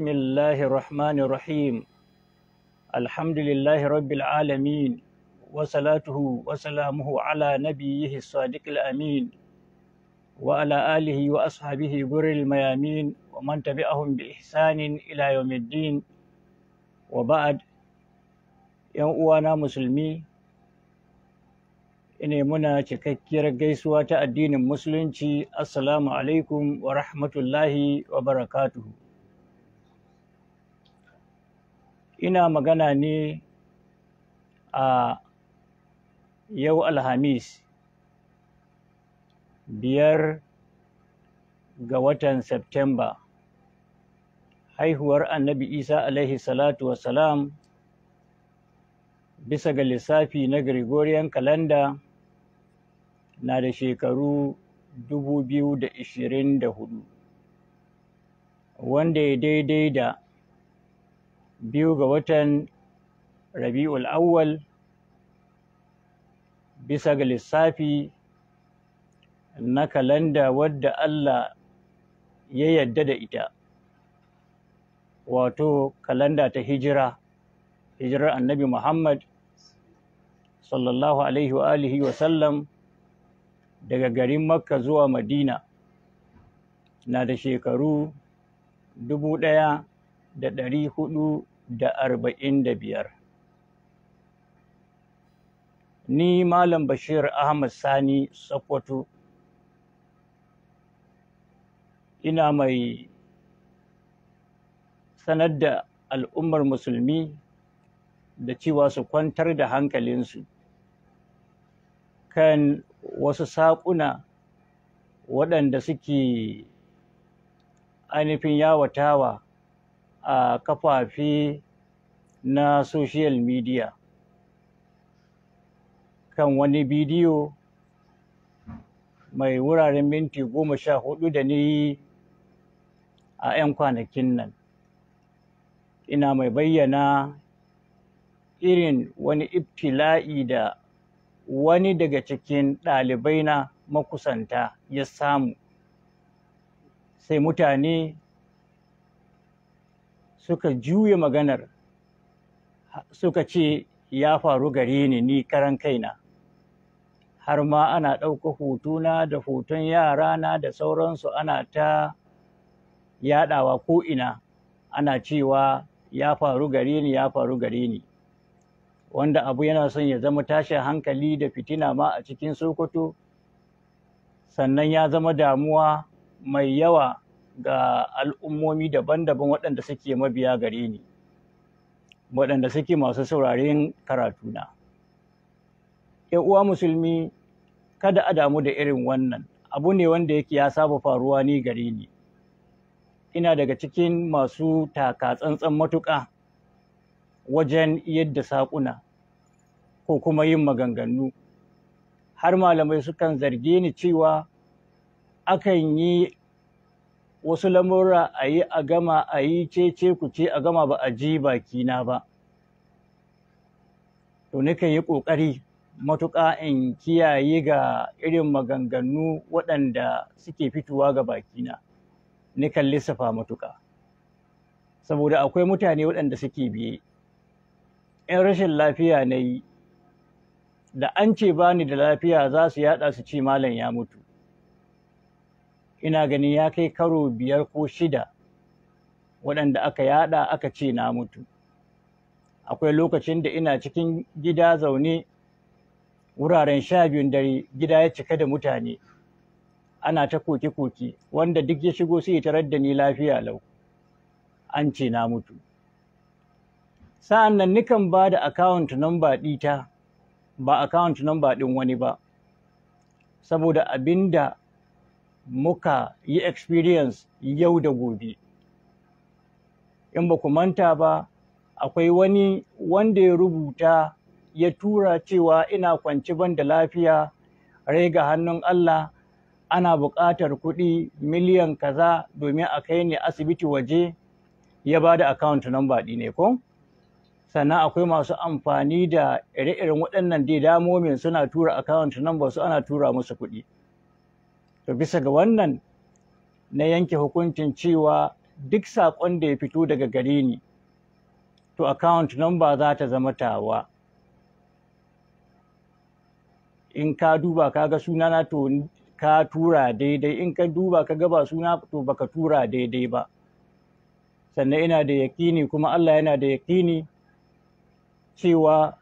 بسم الله الرحمن الرحيم الحمد لله رب العالمين وصلاته وسلامه على نبيه الصادق الأمين وعلى آله وأصحابه غر الميامين ومن تبعهم بإحسان إلى يوم الدين وبعد ‘yan uwana musulmi ina muna cikakkiyar gaisuwa ta addinin musulunci assalamu alaikum wa rahmatullahi wa barakatuhu ina magana ne a yau alhamis biyar ga watan Septemba haihuwar annabi Isa alaihi salatu salam bisa ga lissafi na Gregorian kalanda na da shekaru dubu biyu da hudu wanda ya daidai da biyu ga watan rabi'ul awwal bisa ga lissafi na kalanda wadda Allah ya yadda da ita wato kalanda ta hijira hijirar annabi Muhammad sallallahu alaihi wa alihi wa sallam daga garin Makka zuwa Madina na da shekaru dubu ɗaya da ɗari hudu da arba'in da biyar ni malam bashir ahmad sani Sokoto ina mai sanar da al'ummar musulmi da cewa su kwantar da hankalinsu kan wasu saƙuna waɗanda suke ainihin yawatawa a kafafe na social media kan wani bidiyo mai wuraren minti goma sha hudu da ni a 'yan kwanakin nan ina mai bayyana irin wani ibtila'i da wani daga cikin ɗalibai na makusanta ya samu sai mutane suka juya maganar suka ce ya faru gare ni ni karan kaina har ma ana ɗauka hotuna da hoton yarana da sauransu ana ta yaɗawa ko'ina ana cewa ya faru gare ni ya faru gare ni wanda abu yana son ya zama tashin hankali da fitina ma a cikin sokoto sannan ya zama damuwa mai yawa ga al'ummomi daban-daban waɗanda suke mabiya gare ni waɗanda suke masu sauraren karatuna uwa musulmi kada a damu da irin wannan abu ne wanda yake ya saba faruwa ni gare ni ina daga cikin masu taka tsantsan matuƙa wajen yadda saƙuna ko kuma yin maganganu har malamai sukan zarge ni cewa akan yi wasu lamura a yi a gama a yi cece ku ce a gama ba a ji baki na ba to nika yi ƙoƙari matuƙa in kiyaye ga irin maganganu waɗanda suke fitowa ga baki bakina nikan lissafa matuƙa saboda akwai mutane waɗanda suke biye Yan rashin lafiya na yi da an ce ba ni da lafiya za su yaɗa su ce malam ya mutu ina gani ya kai karo biyar ko shida waɗanda aka yada aka ce na mutu akwai lokacin da ina cikin gida zaune wuraren sha biyun dare gida ya cika da mutane ana ta koke-koke wanda duk ya shigo sai ya tarar da ni lafiya lau an ce na mutu sa'an nikan ba da akawunt namba ɗita ba akawunt namba ɗin wani ba saboda abinda muka yi experience yau da gobe in ba ku manta ba akwai wani wanda ya rubuta ya tura cewa ina kwance ban da lafiya rega hannun Allah ana buƙatar kuɗi miliyan kaza domin a kai ni asibiti waje ya ba da account number ɗi ne ko sannan akwai masu amfani da ire-iren waɗannan dai damomin suna tura account number su ana tura musu kuɗi. to bisa ga wannan na yanke hukuncin cewa duk saƙon da ya fito daga gare ni to account number za ta zama tawa in ka duba ka ga sunana to ka tura daidai in ka duba ka gaba suna to baka tura daidai ba sannan ina da yakini kuma Allah yana da yakini cewa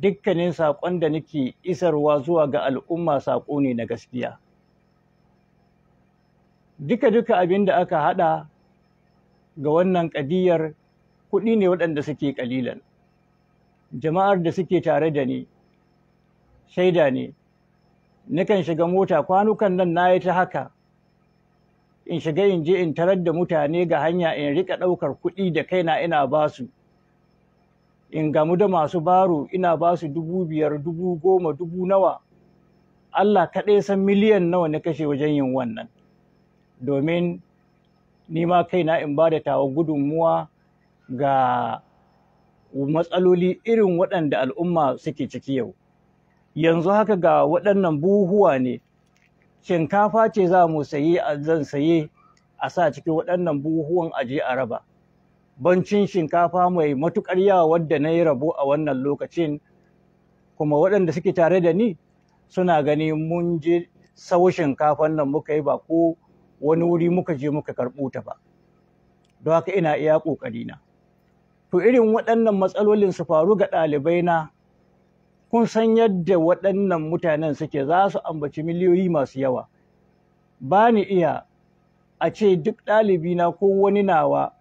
dukkanin saƙon da nake isarwa zuwa ga al'umma saƙo ne na gaskiya duka-duka abin da aka haɗa ga wannan ƙadiyar kuɗi ne waɗanda suke ƙalilan jama'ar da suke tare da ni shaida ne nakan shiga mota kwanukan nan na yi ta haka in shiga in je in tarar da mutane ga hanya in riƙa ɗaukar kuɗi da kaina ina ba su in gamu da masu baro ina ba su dubu biyar dubu goma dubu nawa Allah kaɗai san miliyan nawa na kashe wajen yin wannan domin nima kaina in ba da tawa gudunmuwa ga matsaloli irin waɗanda al'umma suke ciki yau yanzu haka ga waɗannan buhuwa ne shinkafa ce za mu saye zan saye a sa ciki waɗannan buhuwan aje a raba bancin shinkafa mai matuƙar yawa wadda na yi rabo a wannan lokacin kuma waɗanda suke tare da ni suna gani mun je sau shinkafan nan muka yi ba ko wani wuri muka je muka karɓo ta ba don haka ina iya ƙoƙarina to irin waɗannan matsalolin su faru ga ɗalibai na kun san yadda waɗannan mutanen suke za su ambaci miliyoyi masu yawa ba ni iya a ce duk ɗalibi na ko wani nawa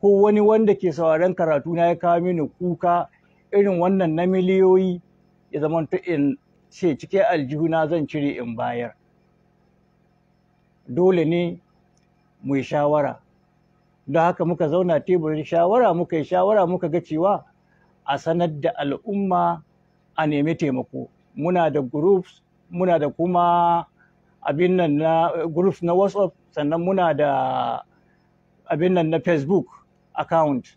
ko wani wanda ke sauraron karatu na ya kawo mini kuka irin wannan na miliyoyi ya zamanto in ce cikin aljihuna zan cire in bayar dole ne mu yi shawara don haka muka zauna teburin shawara muka yi shawara muka ga cewa a sanar da al'umma a nemi taimako muna da groups muna da kuma abin nan na groups na whatsapp sannan muna da abin nan na facebook account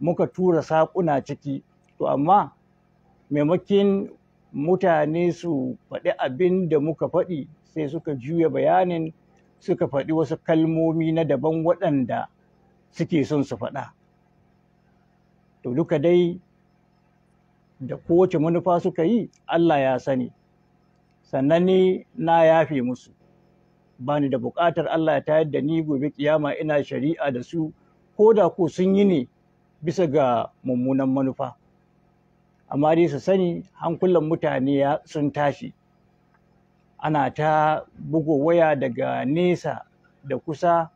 muka tura saƙuna ciki to amma maimakin mutane su faɗi abin da muka faɗi sai suka juya bayanin suka faɗi wasu kalmomi na daban waɗanda suke son su faɗa to duka dai da kowace manufa suka yi Allah ya sani sannan ni na yafe musu ba ni da buƙatar Allah ya tayar da ni gobe kiyama ina shari'a da su ko da ko sun yi ne bisa ga mummunan manufa amma dai su sani hankulan mutane sun tashi ana ta bugo waya daga nesa da kusa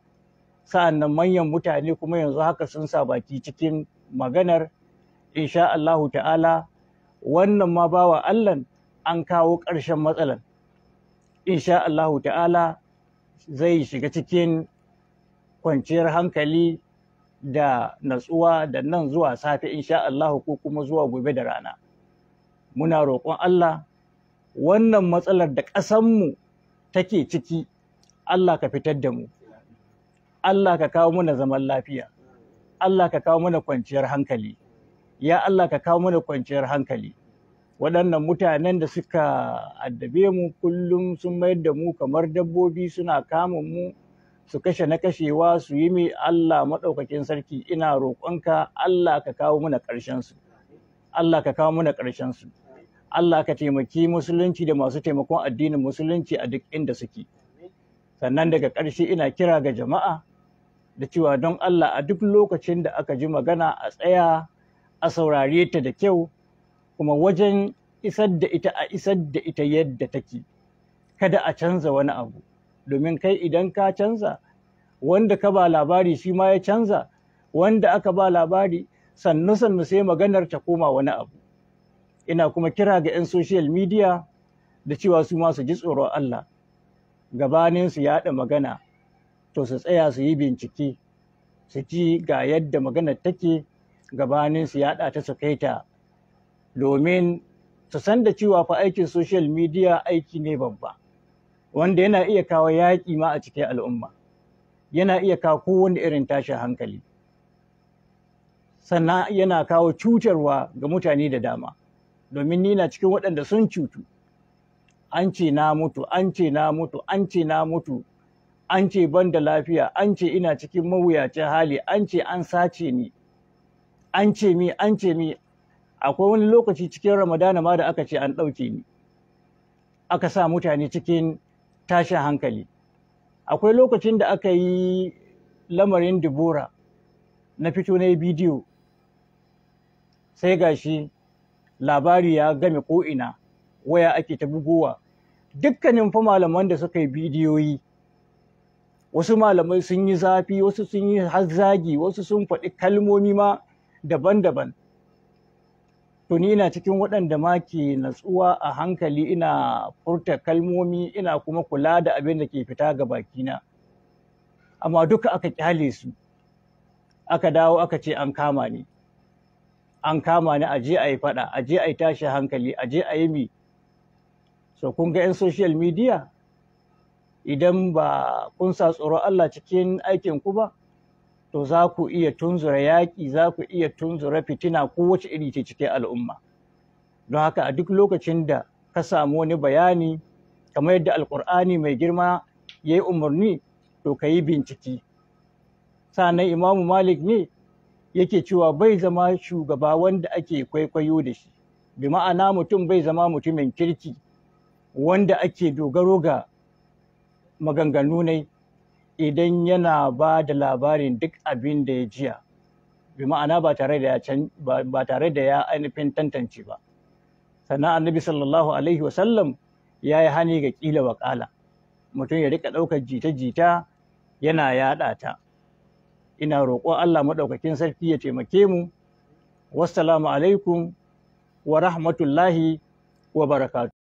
sa'annan manyan mutane kuma yanzu haka sun sa baki cikin maganar insha Allahu ta'ala wannan ma bawa Allah an kawo ƙarshen matsalar, insha Allahu ta'ala zai shiga cikin kwanciyar hankali da natsuwa da nan zuwa safe insha Allahu ko kuma zuwa gobe da rana muna roƙon Allah wannan matsalar da ƙasanmu take ciki Allah ka fitar da mu Allah ka kawo mana zaman lafiya Allah ka kawo mana kwanciyar hankali ya Allah ka kawo mana kwanciyar hankali waɗannan mutanen da suka addabe mu kullum sun mayar da mu kamar dabbobi suna kama mu su kashe na kashewa su yi mai Allah maɗaukakin sarki ina roƙonka Allah ka kawo mana ƙarshen Allah ka kawo mana ƙarshen Allah ka taimaki musulunci da masu taimakon addinin musulunci a duk inda suke sannan daga ƙarshe ina kira ga jama'a da cewa don Allah a duk lokacin da aka ji magana a tsaya a saurare ta da kyau kuma wajen isar da ita a isar da ita yadda take kada a canza wani abu domin kai idan ka canza wanda ka ba labari shi ma ya canza wanda aka ba labari sannu sannu sai maganar ta koma wani abu ina kuma kira ga 'yan social media da cewa su ma su ji tsoron Allah gabanin su yaɗa magana to su tsaya su yi bincike su ji ga yadda maganar take gabanin su yaɗa ta su kai ta domin su san da cewa fa aikin social media aiki ne babba wanda yana iya kawo yaƙi ma a cikin al'umma yana iya kawo kowane irin tashin hankali sannan yana kawo cutarwa ga mutane da dama domin ni na cikin waɗanda sun cutu an ce na mutu an ce na mutu an ce na mutu an ce ban da lafiya an ce ina cikin mawuyacin hali an ce an sace ni an ce mi an ce mi akwai wani lokaci cikin ramadana ma da aka ce an ɗauke ni aka sa mutane cikin tashin hankali akwai lokacin da aka yi lamarin dibora na fito na bidiyo sai gashi labari ya game ko'ina waya ake ta bugowa dukkanin fa malaman da suka yi bidiyoyi wasu malamai sun yi zafi wasu sun yi hazagi wasu sun faɗi kalmomi ma daban-daban to ni ina cikin waɗanda ma ke natsuwa a hankali ina furta kalmomi ina kuma kula da abin da ke fita ga bakina amma duka aka kyale su aka dawo aka ce an kama ni an kama ni a je a yi faɗa a je a yi tashi hankali a je a yi mi so kun ga 'yan social media idan ba kun sa tsoron Allah cikin aikin ku ba to za ku iya tunzura yaƙi za ku iya tunzura fitina ko kowace iri ce cikin al'umma don haka a duk lokacin da ka samu wani bayani kamar yadda alkur'ani mai girma ya yi umarni to ka yi binciki sannan imamu malik ne yake cewa bai zama shugaba wanda ake kwaikwayo da shi bi ma'ana mutum bai zama mutumin kirki wanda ake dogaro ga maganganu ne idan yana ba da labarin duk abin da ya jiya bi ma'ana ba tare da ya ba ainihin tantance ba sannan annabi sallallahu alaihi wasallam ya yi hani ga kila wakala mutum ya rika ɗaukar jita-jita yana yaɗa ta ina roƙo Allah maɗaukakin sarki ya taimake mu wassalamu alaikum wa rahmatullahi wa barakatu